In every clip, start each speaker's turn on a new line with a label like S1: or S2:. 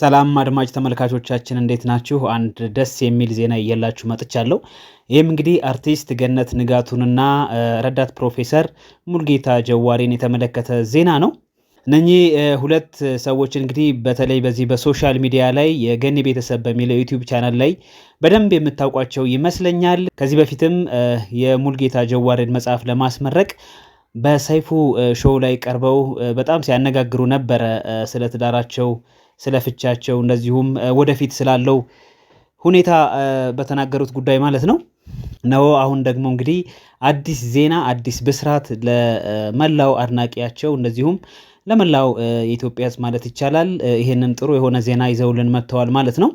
S1: ሰላም አድማጭ ተመልካቾቻችን እንዴት ናችሁ? አንድ ደስ የሚል ዜና እየላችሁ መጥቻለሁ። ይህም እንግዲህ አርቲስት ገነት ንጋቱንና ረዳት ፕሮፌሰር ሙልጌታ ጀዋሬን የተመለከተ ዜና ነው። እነኚህ ሁለት ሰዎች እንግዲህ በተለይ በዚህ በሶሻል ሚዲያ ላይ የገኒ ቤተሰብ በሚለው ዩቲዩብ ቻናል ላይ በደንብ የምታውቋቸው ይመስለኛል። ከዚህ በፊትም የሙልጌታ ጀዋሬን መጽሐፍ ለማስመረቅ በሰይፉ ሾው ላይ ቀርበው በጣም ሲያነጋግሩ ነበረ ስለ ትዳራቸው ስለ ፍቻቸው እንደዚሁም ወደፊት ስላለው ሁኔታ በተናገሩት ጉዳይ ማለት ነው። ነው አሁን ደግሞ እንግዲህ አዲስ ዜና አዲስ ብስራት ለመላው አድናቂያቸው እንደዚሁም ለመላው የኢትዮጵያ ሕዝብ ማለት ይቻላል ይህንን ጥሩ የሆነ ዜና ይዘውልን መጥተዋል ማለት ነው።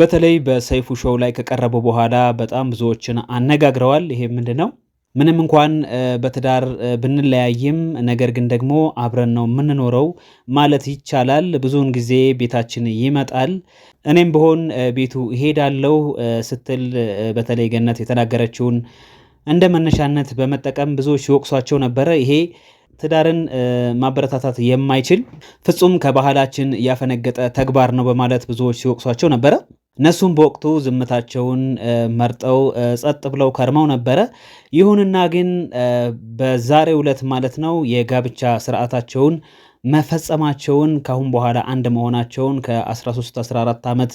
S1: በተለይ በሰይፉ ሾው ላይ ከቀረበው በኋላ በጣም ብዙዎችን አነጋግረዋል። ይሄ ምንድን ነው ምንም እንኳን በትዳር ብንለያይም ነገር ግን ደግሞ አብረን ነው የምንኖረው ማለት ይቻላል። ብዙውን ጊዜ ቤታችን ይመጣል፣ እኔም ብሆን ቤቱ እሄዳለሁ ስትል በተለይ ገነት የተናገረችውን እንደ መነሻነት በመጠቀም ብዙዎች ሲወቅሷቸው ነበረ። ይሄ ትዳርን ማበረታታት የማይችል ፍጹም ከባህላችን ያፈነገጠ ተግባር ነው በማለት ብዙዎች ሲወቅሷቸው ነበረ። እነሱም በወቅቱ ዝምታቸውን መርጠው ጸጥ ብለው ከርመው ነበረ። ይሁንና ግን በዛሬ ዕለት ማለት ነው የጋብቻ ስርዓታቸውን መፈጸማቸውን ካአሁን በኋላ አንድ መሆናቸውን ከ13 14 ዓመት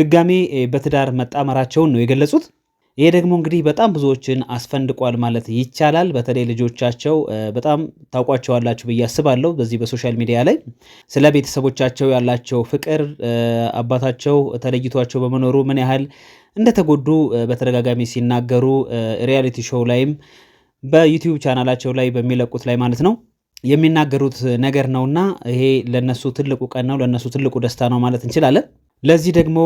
S1: ድጋሜ በትዳር መጣመራቸውን ነው የገለጹት። ይሄ ደግሞ እንግዲህ በጣም ብዙዎችን አስፈንድቋል ማለት ይቻላል። በተለይ ልጆቻቸው በጣም ታውቋቸዋላችሁ ብዬ አስባለሁ። በዚህ በሶሻል ሚዲያ ላይ ስለ ቤተሰቦቻቸው ያላቸው ፍቅር፣ አባታቸው ተለይቷቸው በመኖሩ ምን ያህል እንደተጎዱ በተደጋጋሚ ሲናገሩ ሪያሊቲ ሾው ላይም በዩቲዩብ ቻናላቸው ላይ በሚለቁት ላይ ማለት ነው የሚናገሩት ነገር ነውና ይሄ ለነሱ ትልቁ ቀን ነው፣ ለነሱ ትልቁ ደስታ ነው ማለት እንችላለን። ለዚህ ደግሞ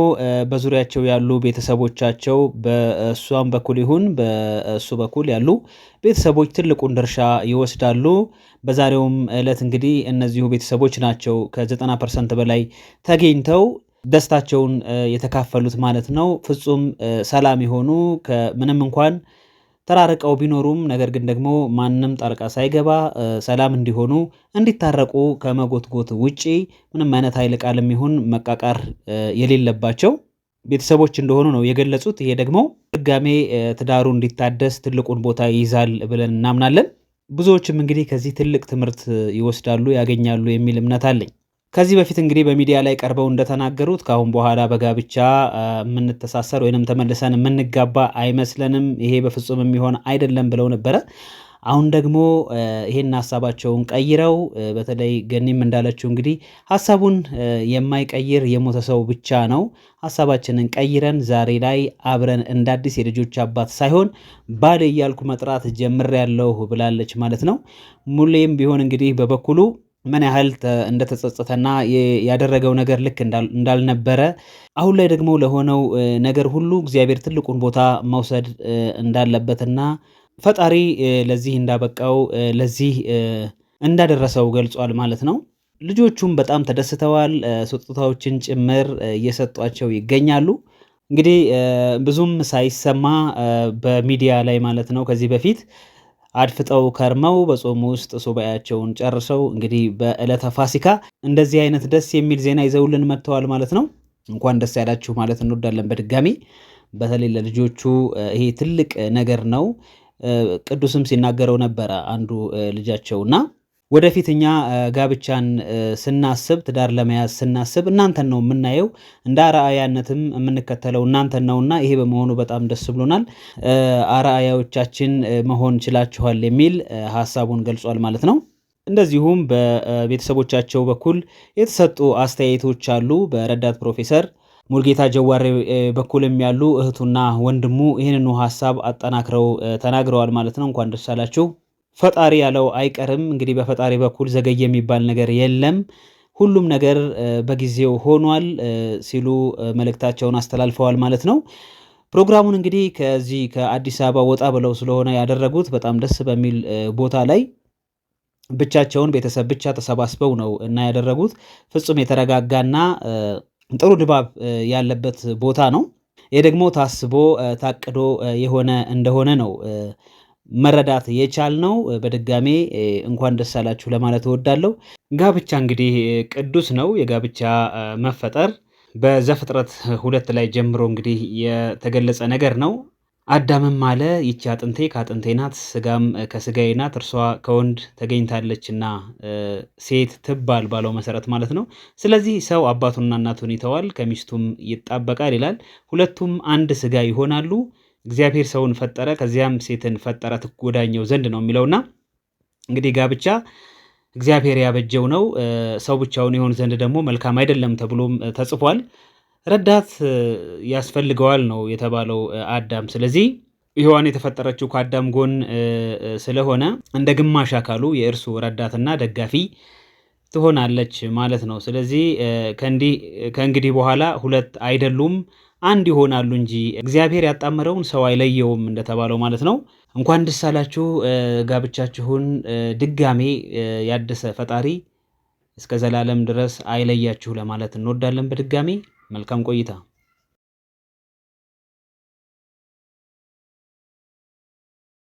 S1: በዙሪያቸው ያሉ ቤተሰቦቻቸው በእሷም በኩል ይሁን በእሱ በኩል ያሉ ቤተሰቦች ትልቁን ድርሻ ይወስዳሉ። በዛሬውም ዕለት እንግዲህ እነዚሁ ቤተሰቦች ናቸው ከዘጠና ፐርሰንት በላይ ተገኝተው ደስታቸውን የተካፈሉት ማለት ነው። ፍጹም ሰላም የሆኑ ከምንም እንኳን ተራርቀው ቢኖሩም ነገር ግን ደግሞ ማንም ጣልቃ ሳይገባ ሰላም እንዲሆኑ እንዲታረቁ ከመጎትጎት ውጪ ምንም አይነት ኃይል ቃልም ይሁን መቃቃር የሌለባቸው ቤተሰቦች እንደሆኑ ነው የገለጹት። ይሄ ደግሞ ድጋሜ ትዳሩ እንዲታደስ ትልቁን ቦታ ይይዛል ብለን እናምናለን። ብዙዎችም እንግዲህ ከዚህ ትልቅ ትምህርት ይወስዳሉ፣ ያገኛሉ የሚል እምነት አለኝ። ከዚህ በፊት እንግዲህ በሚዲያ ላይ ቀርበው እንደተናገሩት ከአሁን በኋላ በጋብቻ የምንተሳሰር ወይንም ተመልሰን የምንጋባ አይመስለንም፣ ይሄ በፍጹም የሚሆን አይደለም ብለው ነበረ። አሁን ደግሞ ይሄን ሀሳባቸውን ቀይረው በተለይ ገኒም እንዳለችው እንግዲህ ሀሳቡን የማይቀይር የሞተ ሰው ብቻ ነው። ሀሳባችንን ቀይረን ዛሬ ላይ አብረን እንደ አዲስ የልጆች አባት ሳይሆን ባል እያልኩ መጥራት ጀምሬያለሁ ብላለች ማለት ነው። ሙሌም ቢሆን እንግዲህ በበኩሉ ምን ያህል እንደተጸጸተና ያደረገው ነገር ልክ እንዳልነበረ አሁን ላይ ደግሞ ለሆነው ነገር ሁሉ እግዚአብሔር ትልቁን ቦታ መውሰድ እንዳለበትና ፈጣሪ ለዚህ እንዳበቃው ለዚህ እንዳደረሰው ገልጿል ማለት ነው። ልጆቹም በጣም ተደስተዋል። ስጦታዎችን ጭምር እየሰጧቸው ይገኛሉ። እንግዲህ ብዙም ሳይሰማ በሚዲያ ላይ ማለት ነው ከዚህ በፊት አድፍጠው ከርመው በጾም ውስጥ ሱባኤያቸውን ጨርሰው እንግዲህ በዕለተ ፋሲካ እንደዚህ አይነት ደስ የሚል ዜና ይዘውልን መጥተዋል ማለት ነው። እንኳን ደስ ያላችሁ ማለት እንወዳለን በድጋሚ በተለይ ለልጆቹ ይሄ ትልቅ ነገር ነው። ቅዱስም ሲናገረው ነበረ አንዱ ልጃቸውና ወደፊት እኛ ጋብቻን ስናስብ ትዳር ለመያዝ ስናስብ እናንተን ነው የምናየው፣ እንደ አርአያነትም የምንከተለው እናንተን እና ይሄ በመሆኑ በጣም ደስ ብሎናል። አርአያዎቻችን መሆን ችላችኋል የሚል ሀሳቡን ገልጿል ማለት ነው። እንደዚሁም በቤተሰቦቻቸው በኩል የተሰጡ አስተያየቶች አሉ። በረዳት ፕሮፌሰር ሙልጌታ ጀዋሬ በኩልም ያሉ እህቱና ወንድሙ ይህንኑ ሀሳብ አጠናክረው ተናግረዋል ማለት ነው። እንኳን ደስ አላችሁ። ፈጣሪ ያለው አይቀርም። እንግዲህ በፈጣሪ በኩል ዘገየ የሚባል ነገር የለም። ሁሉም ነገር በጊዜው ሆኗል ሲሉ መልእክታቸውን አስተላልፈዋል ማለት ነው። ፕሮግራሙን እንግዲህ ከዚህ ከአዲስ አበባ ወጣ ብለው ስለሆነ ያደረጉት በጣም ደስ በሚል ቦታ ላይ ብቻቸውን ቤተሰብ ብቻ ተሰባስበው ነው እና ያደረጉት ፍጹም የተረጋጋና ጥሩ ድባብ ያለበት ቦታ ነው። ይህ ደግሞ ታስቦ ታቅዶ የሆነ እንደሆነ ነው መረዳት የቻል ነው። በድጋሜ እንኳን ደስ አላችሁ ለማለት እወዳለሁ። ጋብቻ እንግዲህ ቅዱስ ነው። የጋብቻ መፈጠር በዘፍጥረት ሁለት ላይ ጀምሮ እንግዲህ የተገለጸ ነገር ነው። አዳምም አለ ይቺ አጥንቴ ከአጥንቴ ናት፣ ስጋም ከስጋዬ ናት፣ እርሷ ከወንድ ተገኝታለችና ሴት ትባል ባለው መሰረት ማለት ነው። ስለዚህ ሰው አባቱና እናቱን ይተዋል፣ ከሚስቱም ይጣበቃል ይላል። ሁለቱም አንድ ስጋ ይሆናሉ። እግዚአብሔር ሰውን ፈጠረ፣ ከዚያም ሴትን ፈጠረ ትጎዳኘው ዘንድ ነው የሚለውና እንግዲህ ጋብቻ እግዚአብሔር ያበጀው ነው። ሰው ብቻውን ይሆን ዘንድ ደግሞ መልካም አይደለም ተብሎም ተጽፏል። ረዳት ያስፈልገዋል ነው የተባለው አዳም። ስለዚህ ሔዋን የተፈጠረችው ከአዳም ጎን ስለሆነ እንደ ግማሽ አካሉ የእርሱ ረዳትና ደጋፊ ትሆናለች ማለት ነው። ስለዚህ ከእንግዲህ በኋላ ሁለት አይደሉም አንድ ይሆናሉ እንጂ እግዚአብሔር ያጣመረውን ሰው አይለየውም እንደተባለው ማለት ነው። እንኳን ደስ አላችሁ። ጋብቻችሁን ድጋሜ ያደሰ ፈጣሪ እስከ ዘላለም ድረስ አይለያችሁ ለማለት እንወዳለን። በድጋሜ መልካም ቆይታ